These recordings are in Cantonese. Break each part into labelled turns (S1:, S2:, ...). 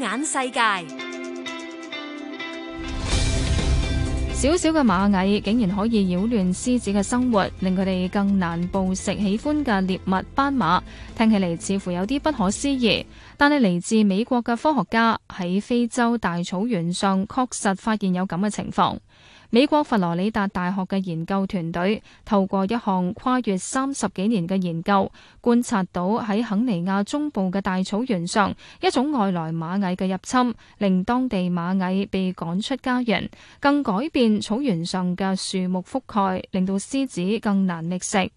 S1: 眼世界，小小嘅螞蟻竟然可以擾亂獅子嘅生活，令佢哋更難捕食喜歡嘅獵物斑馬。聽起嚟，似乎有啲不可思議，但係嚟自美國嘅科學家喺非洲大草原上確實發現有咁嘅情況。美國佛羅里達大學嘅研究團隊透過一項跨越三十幾年嘅研究，觀察到喺肯尼亞中部嘅大草原上，一種外來螞蟻嘅入侵，令當地螞蟻被趕出家園，更改變草原上嘅樹木覆蓋，令到獅子更難覓食。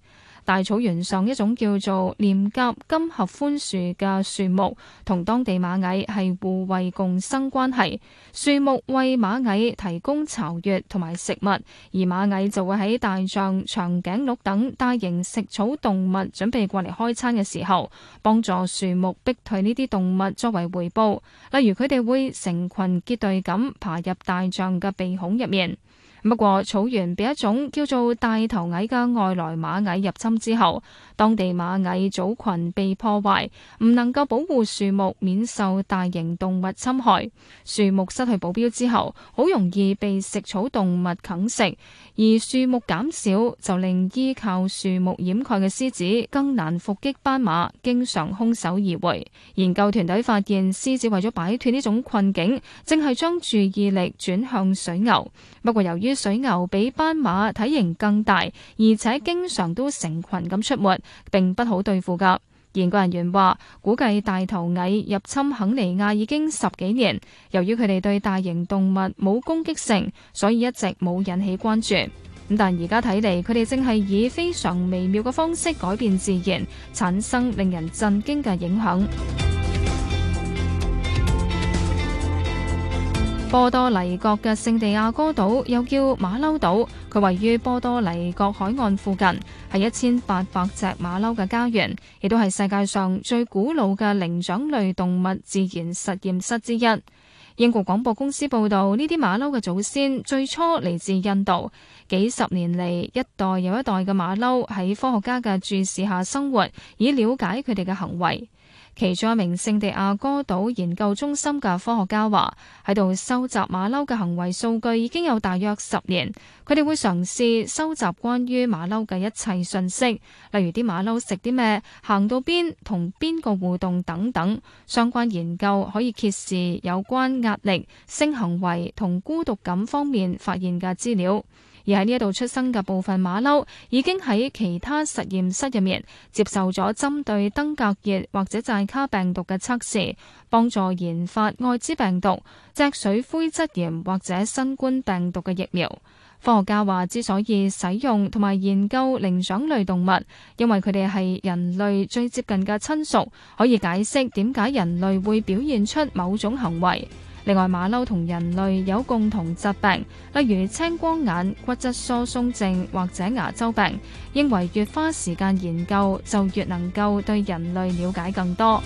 S1: 大草原上一種叫做鐮莢金合歡樹嘅樹木，同當地螞蟻係互惠共生關係，樹木為螞蟻提供巢穴同埋食物，而螞蟻就會喺大象、長頸鹿等大型食草動物準備過嚟開餐嘅時候，幫助樹木逼退呢啲動物作為回報，例如佢哋會成群結隊咁爬入大象嘅鼻孔入面。不過草原被一種叫做大頭蟻嘅外來螞蟻入侵之後，當地螞蟻組群被破壞，唔能夠保護樹木免受大型動物侵害。樹木失去保鏢之後好容易被食草動物啃食，而樹木減少就令依靠樹木掩蓋嘅獅子更難伏擊斑馬，經常空手而回。研究團隊發現獅子為咗擺脱呢種困境，正係將注意力轉向水牛。不過由於。水牛比斑馬體型更大，而且經常都成群咁出沒，並不好對付噶。研究人員話，估計大頭蟻入侵肯尼亞已經十幾年，由於佢哋對大型動物冇攻擊性，所以一直冇引起關注。咁但而家睇嚟，佢哋正係以非常微妙嘅方式改變自然，產生令人震驚嘅影響。波多黎各嘅聖地亞哥島又叫馬騮島，佢位於波多黎各海岸附近，係一千八百隻馬騮嘅家園，亦都係世界上最古老嘅靈長類動物自然實驗室之一。英國廣播公司報道，呢啲馬騮嘅祖先最初嚟自印度，幾十年嚟一代又一代嘅馬騮喺科學家嘅注視下生活，以了解佢哋嘅行為。其中一名聖地亞哥島研究中心嘅科學家話：喺度收集馬騮嘅行為數據已經有大約十年，佢哋會嘗試收集關於馬騮嘅一切信息，例如啲馬騮食啲咩、行到邊、同邊個互動等等。相關研究可以揭示有關壓力、性行為同孤獨感方面發現嘅資料。而喺呢一度出生嘅部分馬騮已經喺其他實驗室入面接受咗針對登革熱或者寨卡病毒嘅測試，幫助研發艾滋病毒、脊髓灰質炎或者新冠病毒嘅疫苗。科學家話，之所以使用同埋研究靈長類動物，因為佢哋係人類最接近嘅親屬，可以解釋點解人類會表現出某種行為。另外，馬騮同人類有共同疾病，例如青光眼、骨質疏鬆症或者牙周病，認為越花時間研究，就越能夠對人類了解更多。